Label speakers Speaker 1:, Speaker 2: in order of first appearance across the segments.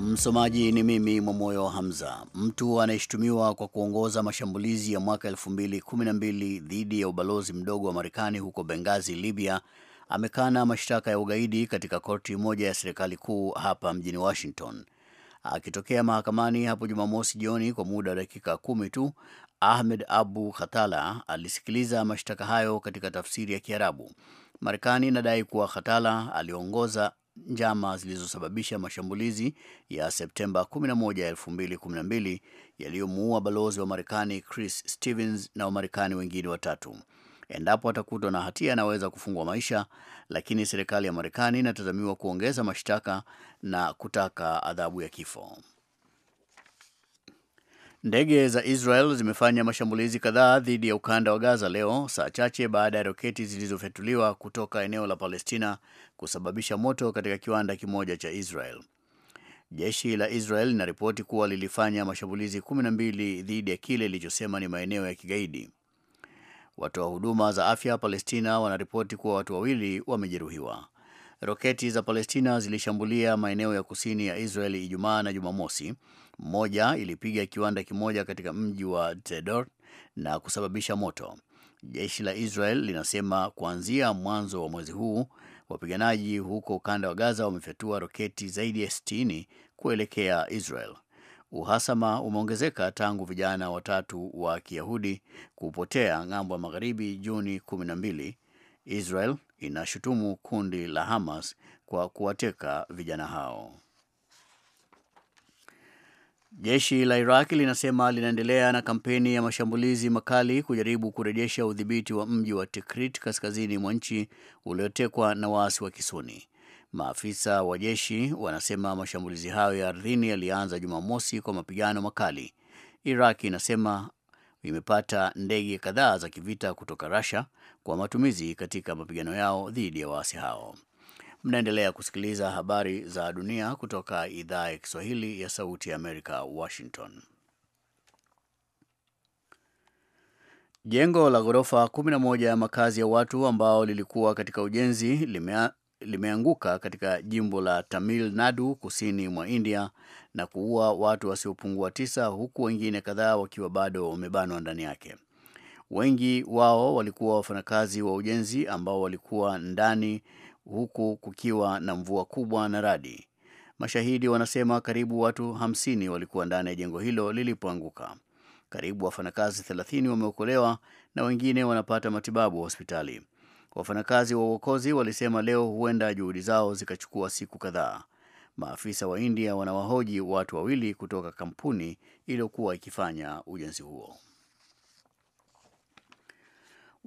Speaker 1: Msomaji ni mimi Mwamoyo Hamza. Mtu anayeshutumiwa kwa kuongoza mashambulizi ya mwaka 2012 dhidi ya ubalozi mdogo wa Marekani huko bengazi Libya, amekana mashtaka ya ugaidi katika korti moja ya serikali kuu hapa mjini Washington. Akitokea mahakamani hapo Jumamosi jioni kwa muda wa dakika kumi tu, Ahmed Abu Khatala alisikiliza mashtaka hayo katika tafsiri ya Kiarabu. Marekani inadai kuwa Khatala aliongoza njama zilizosababisha mashambulizi ya Septemba 11, 2012 yaliyomuua balozi wa Marekani Chris Stevens na Wamarekani wengine watatu. Endapo atakutwa na hatia, anaweza kufungwa maisha, lakini serikali ya Marekani inatazamiwa kuongeza mashtaka na kutaka adhabu ya kifo. Ndege za Israel zimefanya mashambulizi kadhaa dhidi ya ukanda wa Gaza leo saa chache baada ya roketi zilizofyatuliwa kutoka eneo la Palestina kusababisha moto katika kiwanda kimoja cha Israel. Jeshi la Israel linaripoti kuwa lilifanya mashambulizi 12 dhidi ya kile ilichosema ni maeneo ya kigaidi. Watoa wa huduma za afya Palestina wanaripoti kuwa watu wawili wamejeruhiwa. Roketi za Palestina zilishambulia maeneo ya kusini ya Israel Ijumaa na Jumamosi moja ilipiga kiwanda kimoja katika mji wa Tedor na kusababisha moto. Jeshi la Israel linasema kuanzia mwanzo wa mwezi huu wapiganaji huko ukanda wa Gaza wamefyatua roketi zaidi ya 60 kuelekea Israel. Uhasama umeongezeka tangu vijana watatu wa Kiyahudi kupotea ng'ambo ya magharibi Juni 12. Israel inashutumu kundi la Hamas kwa kuwateka vijana hao. Jeshi la Iraki linasema linaendelea na kampeni ya mashambulizi makali kujaribu kurejesha udhibiti wa mji wa Tikrit kaskazini mwa nchi uliotekwa na waasi wa Kisuni. Maafisa wa jeshi wanasema mashambulizi hayo ya ardhini yalianza Jumamosi kwa mapigano makali. Iraki inasema imepata ndege kadhaa za kivita kutoka Russia kwa matumizi katika mapigano yao dhidi ya waasi hao. Mnaendelea kusikiliza habari za dunia kutoka idhaa ya Kiswahili ya Sauti ya Amerika, Washington. Jengo la ghorofa 11 ya makazi ya watu ambao lilikuwa katika ujenzi limea, limeanguka katika jimbo la Tamil Nadu kusini mwa India na kuua watu wasiopungua tisa huku wengine kadhaa wakiwa bado wamebanwa ndani yake. Wengi wao walikuwa wafanyakazi wa ujenzi ambao walikuwa ndani huku kukiwa na mvua kubwa na radi. Mashahidi wanasema karibu watu 50 walikuwa ndani ya jengo hilo lilipoanguka. Karibu wafanyakazi 30 wameokolewa na wengine wanapata matibabu hospitali. Wafanyakazi wa uokozi walisema leo huenda juhudi zao zikachukua siku kadhaa. Maafisa wa India wanawahoji watu wawili kutoka kampuni iliyokuwa ikifanya ujenzi huo.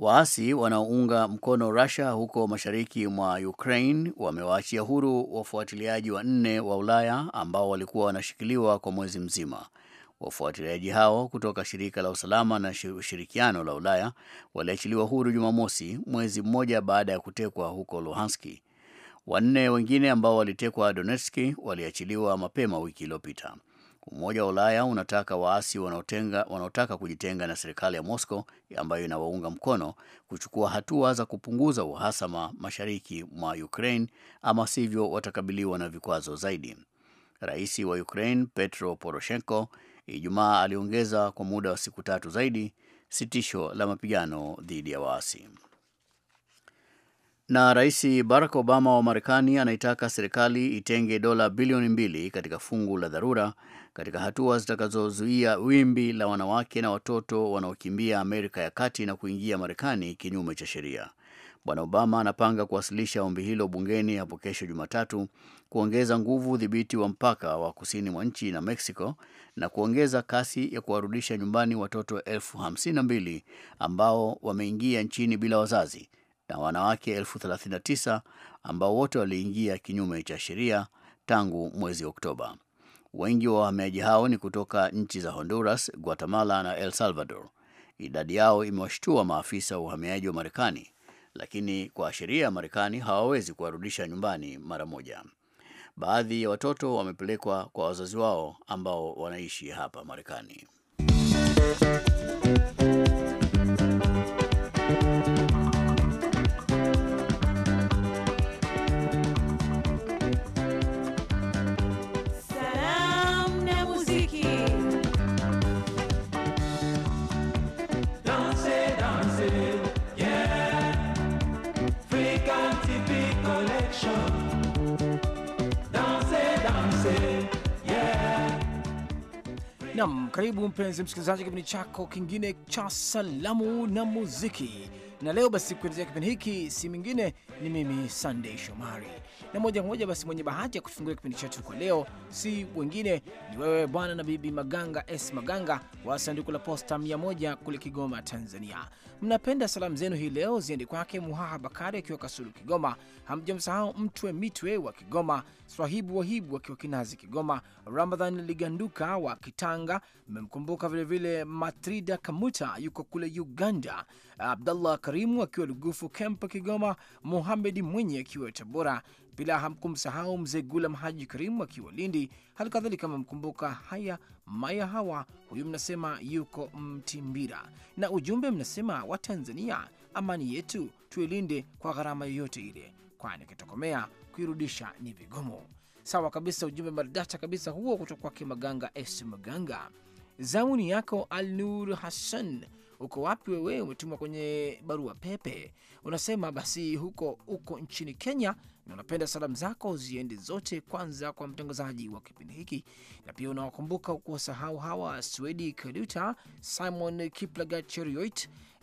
Speaker 1: Waasi wanaounga mkono Russia huko mashariki mwa Ukraine wamewaachia huru wafuatiliaji wanne wa Ulaya ambao walikuwa wanashikiliwa kwa mwezi mzima. Wafuatiliaji hao kutoka shirika la usalama na ushirikiano la Ulaya waliachiliwa huru Jumamosi, mwezi mmoja baada ya kutekwa huko Luhanski. Wanne wengine ambao walitekwa Donetski waliachiliwa mapema wiki iliyopita. Umoja wa Ulaya unataka waasi wanaotenga, wanaotaka kujitenga na serikali ya Moscow ambayo inawaunga mkono kuchukua hatua za kupunguza uhasama mashariki mwa Ukraine, ama sivyo watakabiliwa na vikwazo zaidi. Rais wa Ukraine Petro Poroshenko Ijumaa aliongeza kwa muda wa siku tatu zaidi sitisho la mapigano dhidi ya waasi. Na Rais Barack Obama wa Marekani anaitaka serikali itenge dola bilioni mbili katika fungu la dharura katika hatua zitakazozuia wimbi la wanawake na watoto wanaokimbia Amerika ya Kati na kuingia Marekani kinyume cha sheria. Bwana Obama anapanga kuwasilisha ombi hilo bungeni hapo kesho Jumatatu, kuongeza nguvu udhibiti wa mpaka wa kusini mwa nchi na Mexico na kuongeza kasi ya kuwarudisha nyumbani watoto elfu hamsini na mbili ambao wameingia nchini bila wazazi na wanawake elfu thelathini na tisa ambao wote waliingia kinyume cha sheria tangu mwezi Oktoba. Wengi wa wahamiaji hao ni kutoka nchi za Honduras, Guatemala na el Salvador. Idadi yao imewashtua maafisa wa uhamiaji wa Marekani, lakini kwa sheria ya Marekani hawawezi kuwarudisha nyumbani mara moja. Baadhi ya watoto wamepelekwa kwa wazazi wao ambao wanaishi hapa Marekani.
Speaker 2: Nam, karibu mpenzi msikilizaji, kipindi chako kingine cha salamu na muziki na leo basi kuelezea kipindi hiki si mingine ni mimi Sunday Shomari, na moja kwa moja basi mwenye bahati ya kufungua kipindi chetu kwa leo si wengine ni wewe bwana na bibi Maganga S Maganga wa sanduku la posta 100 kule Kigoma, Tanzania. Mnapenda salamu zenu hii leo ziende kwake Muhaha Bakari akiwa Kasulu, Kigoma. Hamjamsahau Mtwe Mitwe wa Kigoma, Swahibu Wahibu akiwa Kinazi, Kigoma, Ramadhan Liganduka wa Kitanga. Mmemkumbuka vilevile Matrida Kamuta yuko kule Uganda, Abdallah Karimu akiwa Lugufu Kempa, Kigoma, Mohamed Mwenye akiwa Tabora, bila hamkumsahau mzee Gulam Haji Karimu akiwa Lindi. Halikadhalika amemkumbuka haya maya hawa, huyu mnasema yuko Mtimbira, na ujumbe mnasema wa Tanzania, amani yetu tuilinde kwa gharama yoyote ile, kwani akitokomea kuirudisha ni vigumu. Sawa kabisa, ujumbe maridata kabisa huo kutoka kwake Maganga S Maganga. zamuni yako Alnur Hassan uko wapi wewe? Umetuma kwenye barua pepe, unasema basi huko uko nchini Kenya na unapenda salamu zako ziende zote kwanza kwa mtangazaji wa kipindi hiki, na pia unawakumbuka kuwasahau hawa Swedi Kaluta, Simon Kiplagat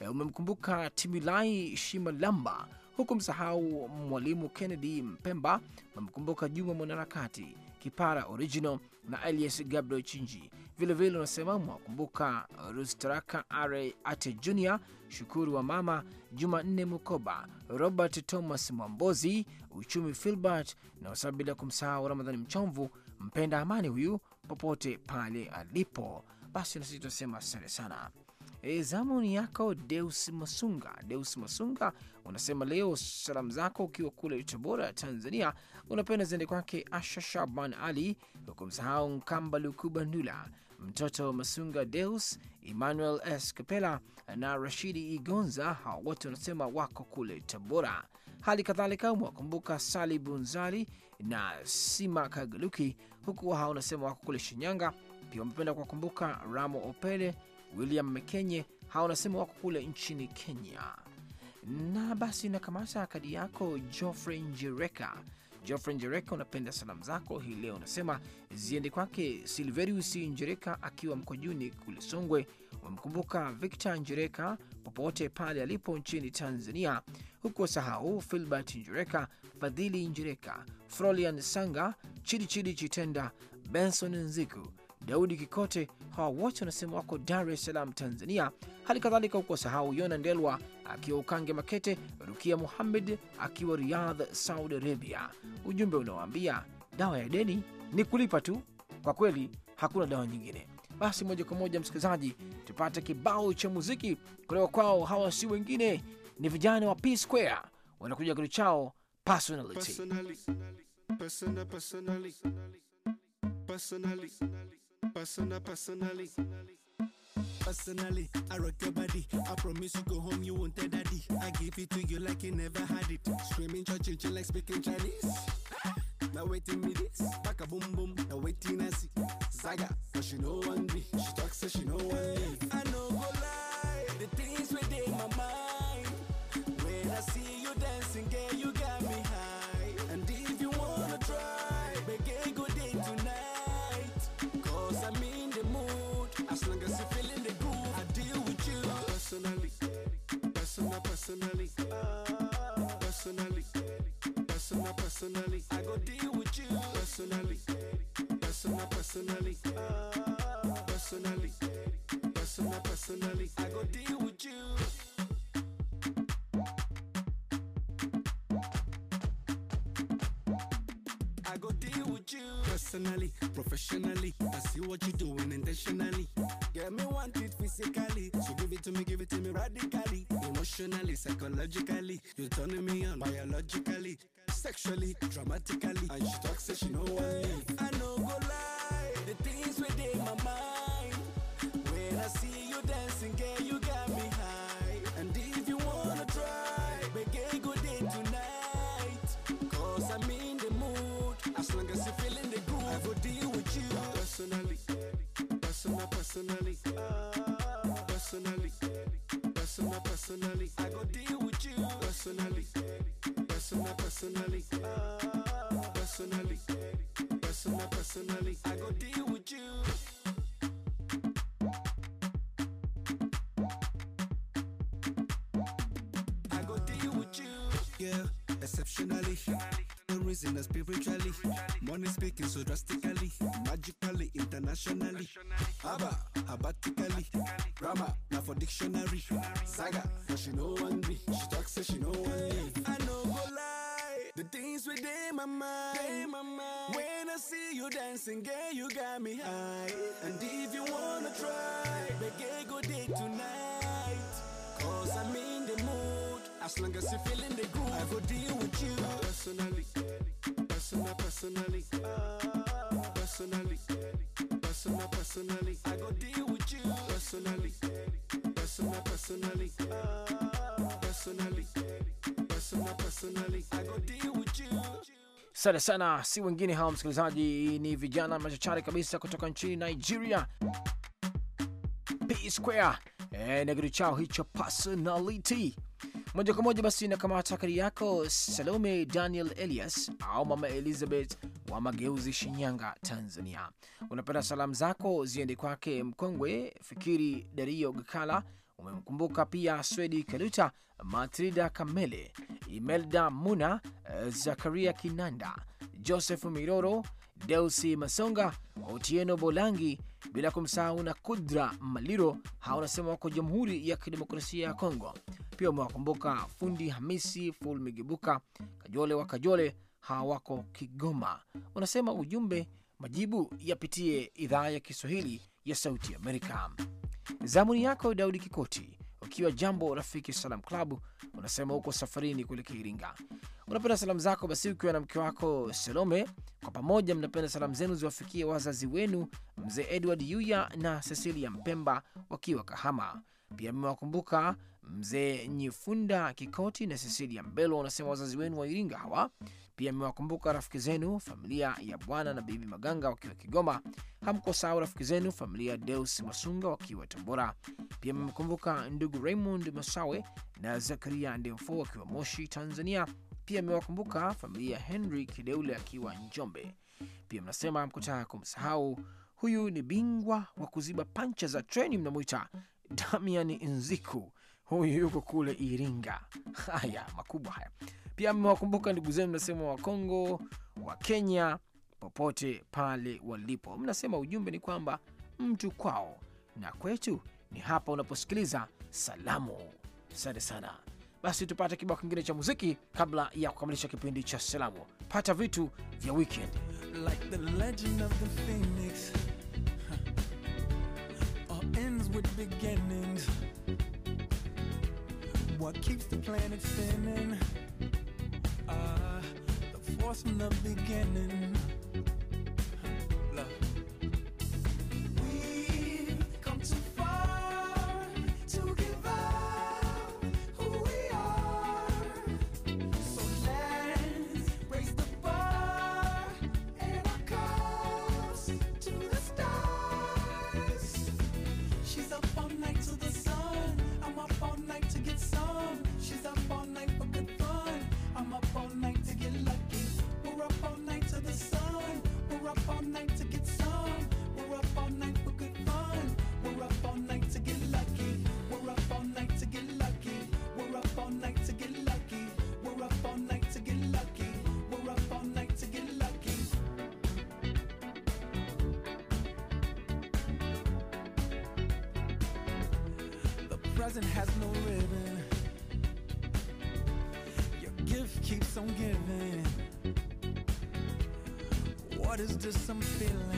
Speaker 2: eh, umemkumbuka Timilai Shimalamba, huku msahau Mwalimu Kennedy Mpemba, umemkumbuka Juma mwanaharakati Kipara Original na Elias Gabriel Chinji. Vilevile unasema mwakumbuka Rustraka Are Ate Junior, Shukuru wa Mama, Jumanne Mukoba, Robert Thomas Mwambozi, Uchumi Filbert na wasabu, bila kumsahau Ramadhani Mchomvu, mpenda amani huyu popote pale alipo. Basi nasi tunasema asante sana. E, zamu ni yako Deus Masunga. Deus Masunga unasema leo salamu zako ukiwa kule Tabora, Tanzania, unapenda ziende kwake Asha Shaban Ali, hukumsahau Nkamba Lukuba Ndula, mtoto Masunga Deus, Emmanuel S Kapela na Rashidi Igonza. Hawa wote wanasema wako kule Tabora. Hali kadhalika umewakumbuka Sali Bunzali na Sima Kagaluki, huku hawa unasema wako kule Shinyanga. Pia wamependa kuwakumbuka Ramo Opele William Mekenye. Hawa wanasema wako kule nchini Kenya. Na basi nakamata kadi yako Geoffrey Njereka. Geoffrey Njereka, unapenda salamu zako hii leo unasema ziende kwake Silverius Njereka akiwa Mkojuni kule Songwe. Wamkumbuka Victor Njereka popote pale alipo nchini Tanzania, huku wasahau Filbert Njereka, Fadhili Njereka, Frolian Sanga, Chidichidi Chitenda, Benson Nziku, Daudi Kikote hawa wote wanasema wako Dar es Salaam, Tanzania. Hali kadhalika huko sahau Yona Ndelwa akiwa Ukange Makete, Rukia Muhammed akiwa Riyadh, Saudi Arabia. Ujumbe unawaambia dawa ya deni ni kulipa tu, kwa kweli hakuna dawa nyingine. Basi moja kwa moja, msikilizaji, tupate kibao cha muziki kutoka kwao. Hawa si wengine, ni vijana wa P Square, wanakuja kitu chao personality,
Speaker 3: personality. Personality. Personality. Personality. Passana, personally. Personally, I rock your body. I promise you go home, you won't tell daddy. I give it to you like you never had it. Screaming, church, like speaking Chinese. Now waiting me this, back a boom boom. Now waiting I see Zaga, but she know one me. She talks so she know one me. I know go lie, the things within my mind. personally, I go deal with you. I go deal with you personally, professionally. I see what you're doing intentionally. Get me want it physically, so give it to me, give it to me radically, emotionally, psychologically. You're turning me on biologically, sexually, dramatically, and she talks so she know what I know The reason spiritually, money speaking so drastically, magically, internationally, Abba, abatically, Rama, now for dictionary, Saga, now she know one be, she talks say she know one I know go lie, the things within my mind, my When I see you dancing, girl, you got me high. And if you wanna try, make go date tonight. As long as you feeling the groove, I will deal with you personally, personal, personally, personally, personal, personally. I go deal with you personally, personal, personally, personally, personal, personally. I go deal with you.
Speaker 2: Asante sana, si wengine hawa msikilizaji, ni vijana machachari kabisa kutoka nchini Nigeria, P Square e, eh, na kitu chao hicho personality Moja kwa moja basi nakamata kari yako Salome Daniel Elias au Mama Elizabeth wa Mageuzi, Shinyanga, Tanzania. Unapenda salamu zako ziende kwake mkongwe Fikiri Dario Gakala umemkumbuka pia Swedi Kaluta, Matrida Kamele, Imelda Muna, Zakaria Kinanda, Joseph Miroro, Delsi Masonga, Otieno Bolangi, bila kumsahau na Kudra Maliro. Hawa unasema wako Jamhuri ya Kidemokrasia ya Kongo. Pia umewakumbuka Fundi Hamisi ful migibuka Kajole wa Kajole, hawa wako Kigoma. Unasema ujumbe majibu yapitie idhaa ya Kiswahili ya Sauti Amerika. Zamuni yako Daudi Kikoti, ukiwa Jambo Rafiki Salam Klabu, unasema huko safarini kuelekea Iringa. Unapenda salamu zako basi ukiwa na mke wako Selome. Kwa pamoja mnapenda salamu zenu ziwafikie wazazi wenu mzee Edward Yuya na Cecilia Mpemba wakiwa Kahama. Pia mmewakumbuka mzee Nyifunda Kikoti na Cecilia Mbelo, wanasema wazazi wenu wa Iringa hawa. Pia mmewakumbuka rafiki zenu familia ya bwana na bibi Maganga wakiwa Kigoma. Hamkusahau rafiki zenu familia ya Deus Masunga wakiwa tambora Pia mmekumbuka ndugu Raymond Masawe na Zakaria Ndemfo wakiwa Moshi, Tanzania. Pia mmewakumbuka familia ya Henry Kideule akiwa Njombe. Pia mnasema mkutaka kumsahau huyu ni bingwa wa kuziba pancha za treni, mnamwita Damian Nziku huyu yuko kule Iringa. Haya makubwa haya. Pia mmewakumbuka ndugu zenu, mnasema wa Kongo, wa Kenya, popote pale walipo, mnasema ujumbe ni kwamba mtu kwao na kwetu ni hapa unaposikiliza salamu. Asante sana. Basi tupate kibao kingine cha muziki kabla ya kukamilisha kipindi cha salamu. Pata vitu vya weekend
Speaker 4: like the legend of the phoenix huh. All ends with beginnings what keeps the planet spinning. Uh, the force from the beginning. ties and has no ribbon. Your gift keeps on giving. What is this I'm feeling?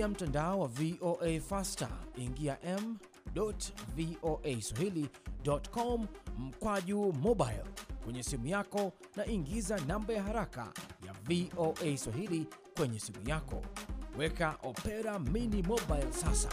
Speaker 2: kupitia mtandao wa VOA Faster. Ingia m.voaswahili.com mkwaju mobile kwenye simu yako na ingiza namba ya haraka ya VOA Swahili kwenye simu yako. Weka Opera Mini Mobile sasa.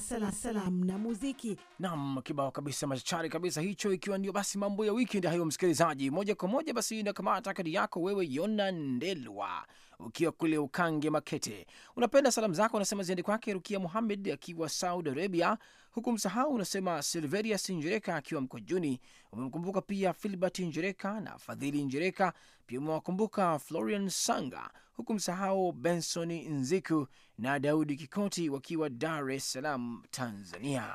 Speaker 2: Sala, salam na muziki nam kibao kabisa machachari kabisa hicho, ikiwa ndio basi mambo ya wikend hayo, msikilizaji. Moja kwa moja basi nakamata kadi yako wewe, Yona Ndelwa ukiwa kule Ukange Makete. Unapenda salamu zako unasema ziende kwake Rukia Muhamed akiwa Saudi Arabia, huku msahau unasema Silverius Njereka akiwa mko juni Umemkumbuka pia Filbert Njereka na Fadhili Njereka, pia umewakumbuka Florian Sanga, huku msahau Benson Nziku na Daudi Kikoti wakiwa Dar es Salaam, Tanzania.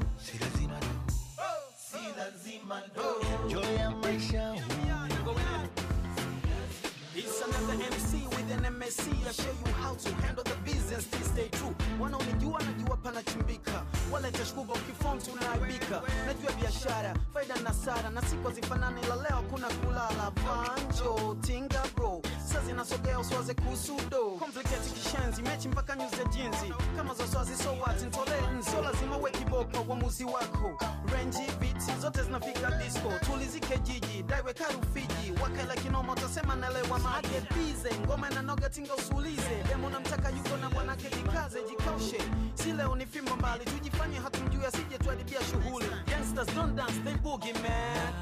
Speaker 5: lazima ndo.
Speaker 6: Joy ya maisha huu. It's MC. than MSC. I show you how to handle the business, stay true. Wanaonijua najua panachimbika, wala let ukiform tunaibika. Najua biashara faida na sara, na siku hazifanani, la leo kuna kulala. Banjo tinga bro, sasa zinasogea usiwaze kuhusu do complicated kishenzi, mechi mpaka nyuzi ya jinzi kama za swazi, so what ntole nzo, lazima uwe uamuzi wako renji viti zote zinafika disco, tulizike jiji daiwe karufiji wakala kinoma, utasema naelewa maake bize ngoma na noga tinga usuulize demo na mtaka yuko na mwanake, jikaze jikaushe, si leo ni fimbo mbali, tujifanye hatumjui asije tuharibia shughuli. Gangsters don't dance they boogie man,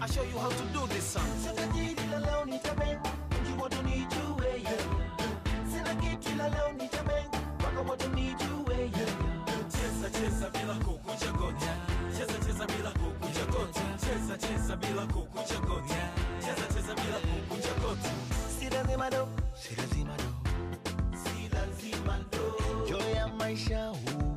Speaker 6: I show you how to do this song. Sasa jiji la leo ni nitabenga, njua tunijue yeah. Sina kitu la leo ni nitabenga, wako moto nijue yeah. Cheza cheza bila kukunja goti, cheza cheza bila kukunja goti, cheza cheza bila kukunja goti, cheza cheza bila kukunja goti. lazima si lazima do, si lazima do. Enjoy ya maisha huu.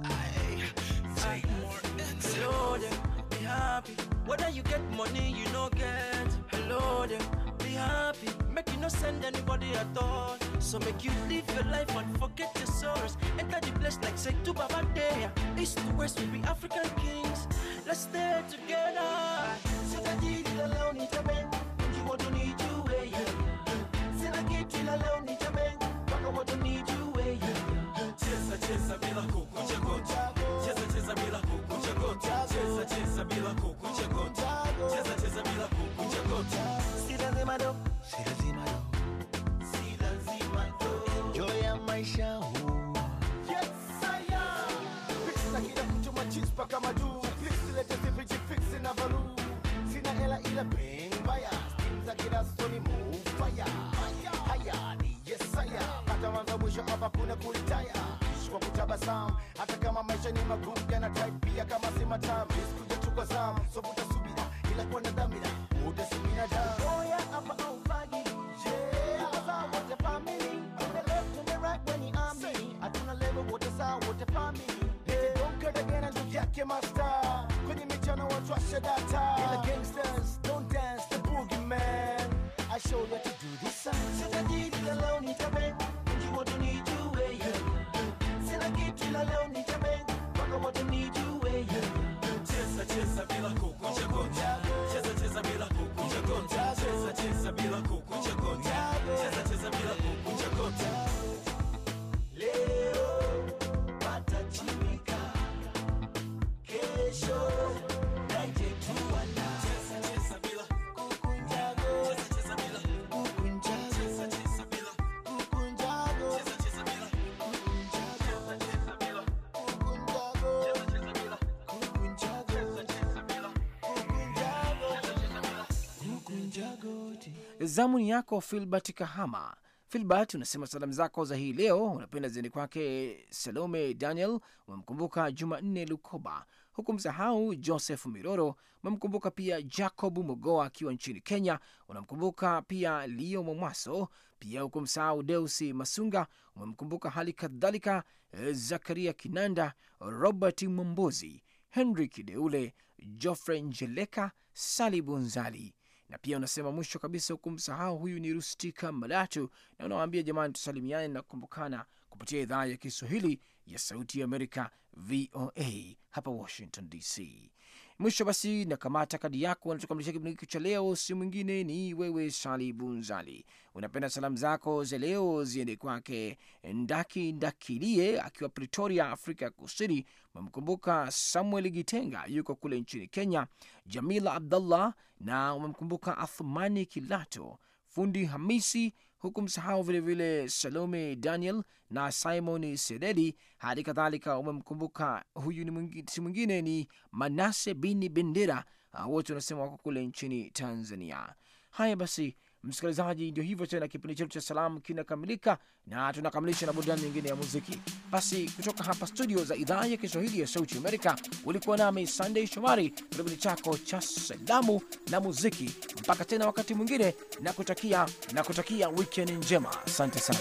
Speaker 6: more and slow there, be happy. Whether you get money, you no get. Hello there, be happy. Make you no send anybody at all. So make you live your life and forget your sorrows. Enter the place like say to Baba there. East to west we be African kings. Let's stay together. So that you alone, it's a cheza si lazima do si lazima do si lazima do enjoy ya maisha huu yes saya pesa kila mtu machizi paka majuu tabasamu, hata kama maisha ni magumu, yanataipia kama si matamu. Sikuja tu kwa zamu, so vuta subira, ila kuwa na dhamira, muda si binadamu. Oya hapa au fagi, yeah. Tuko the wote family, on the left and the right when you are me. Hatuna level wote sawa wote family. Kadagana ndugu yake masta kwenye time. watu washa data, ila gangsters don't dance the boogeyman. I show you leo ni
Speaker 2: Zamu ni yako Filbert Kahama. Filbert, unasema salamu zako za hii leo unapenda ziende kwake Salome Daniel, umemkumbuka Jumanne Lukoba, huku msahau Joseph Miroro, umemkumbuka pia Jacob Mogoa akiwa nchini Kenya, unamkumbuka pia lio Mwamwaso, pia huku msahau Deusi Masunga, umemkumbuka hali kadhalika eh, Zakaria Kinanda, Robert mombozi Henry Kideule, Joffrey Njeleka, Sali Bunzali na pia unasema mwisho kabisa hukumsahau huyu ni Rustika Malatu, na unawaambia jamani, tusalimiane na kukumbukana kupitia idhaa ya Kiswahili ya Sauti ya Amerika, VOA hapa Washington DC. Mwisho basi nakamata kadi yako natukamilishia kipindi hiki cha leo. Si mwingine ni wewe Sali Bunzali, unapenda salamu zako za leo ziende kwake Ndaki Ndakilie akiwa Pretoria, Afrika ya Kusini. Umemkumbuka Samuel Gitenga yuko kule nchini Kenya, Jamila abdullah na umemkumbuka Athmani Kilato, fundi Hamisi huku msahau vilevile Salome Daniel na Simon Sededi, hadi kadhalika umemkumbuka huyu ni si mwingine ni Manase Bini Bendera, ah, wote wanasema wako kule nchini Tanzania. Haya basi, Msikilizaji, ndio hivyo tena, kipindi chetu cha salamu kinakamilika na tunakamilisha na burudani nyingine ya muziki. Basi kutoka hapa studio za idhaa ya Kiswahili ya Sauti Amerika, ulikuwa nami sandey Shomari kipindi chako cha salamu na muziki. Mpaka tena wakati mwingine, na kutakia na kutakia wikendi njema. Asante sana.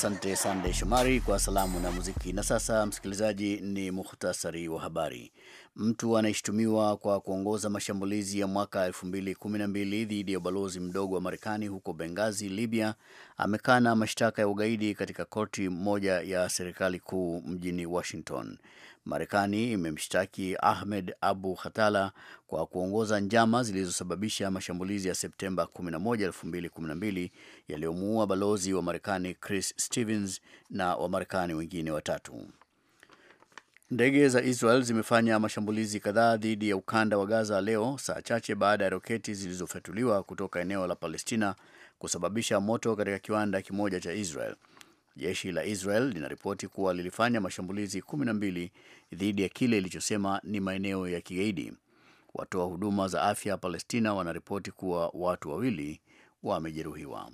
Speaker 1: Asante Sande Shomari kwa salamu na muziki. Na sasa, msikilizaji, ni muhtasari wa habari. Mtu anayeshutumiwa kwa kuongoza mashambulizi ya mwaka 2012 dhidi ya ubalozi mdogo wa Marekani huko Bengazi, Libya, amekana mashtaka ya ugaidi katika koti moja ya serikali kuu mjini Washington. Marekani imemshtaki Ahmed Abu Khatala kwa kuongoza njama zilizosababisha mashambulizi ya Septemba 11, 2012 yaliyomuua balozi wa Marekani Chris Stevens na Wamarekani wengine watatu. Ndege za Israel zimefanya mashambulizi kadhaa dhidi ya ukanda wa Gaza leo, saa chache baada ya roketi zilizofyatuliwa kutoka eneo la Palestina kusababisha moto katika kiwanda kimoja cha Israel. Jeshi la Israel linaripoti kuwa lilifanya mashambulizi 12 dhidi ya kile ilichosema ni maeneo ya kigaidi. Watoa huduma za afya Palestina wanaripoti kuwa watu wawili wamejeruhiwa.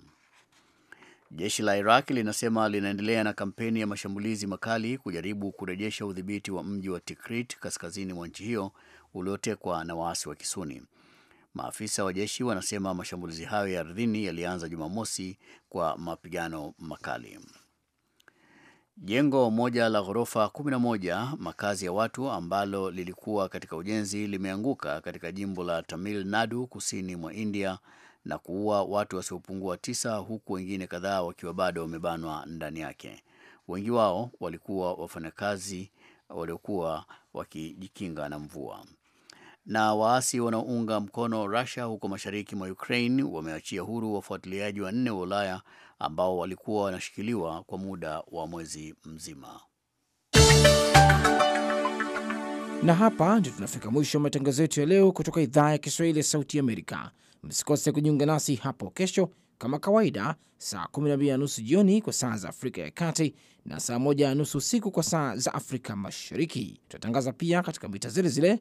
Speaker 1: Jeshi la Iraq linasema linaendelea na kampeni ya mashambulizi makali kujaribu kurejesha udhibiti wa mji wa Tikrit kaskazini mwa nchi hiyo uliotekwa na waasi wa Kisuni. Maafisa wa jeshi wanasema mashambulizi hayo ya ardhini yalianza Jumamosi kwa mapigano makali. Jengo moja la ghorofa 11 makazi ya watu ambalo lilikuwa katika ujenzi limeanguka katika jimbo la Tamil Nadu kusini mwa India na kuua watu wasiopungua tisa huku wengine kadhaa wakiwa bado wamebanwa ndani yake. Wengi wao walikuwa wafanyakazi waliokuwa wakijikinga na mvua. Na waasi wanaounga mkono Russia huko mashariki mwa Ukraine wameachia huru wafuatiliaji wanne wa Ulaya ambao walikuwa wanashikiliwa kwa muda wa mwezi mzima.
Speaker 2: Na hapa ndio tunafika mwisho wa matangazo yetu ya leo kutoka idhaa ya Kiswahili ya Sauti Amerika. Msikose kujiunga nasi hapo kesho kama kawaida saa 12 na nusu jioni kwa saa za Afrika ya Kati na saa 1 na nusu usiku kwa saa za Afrika Mashariki. tunatangaza pia katika mita zile zile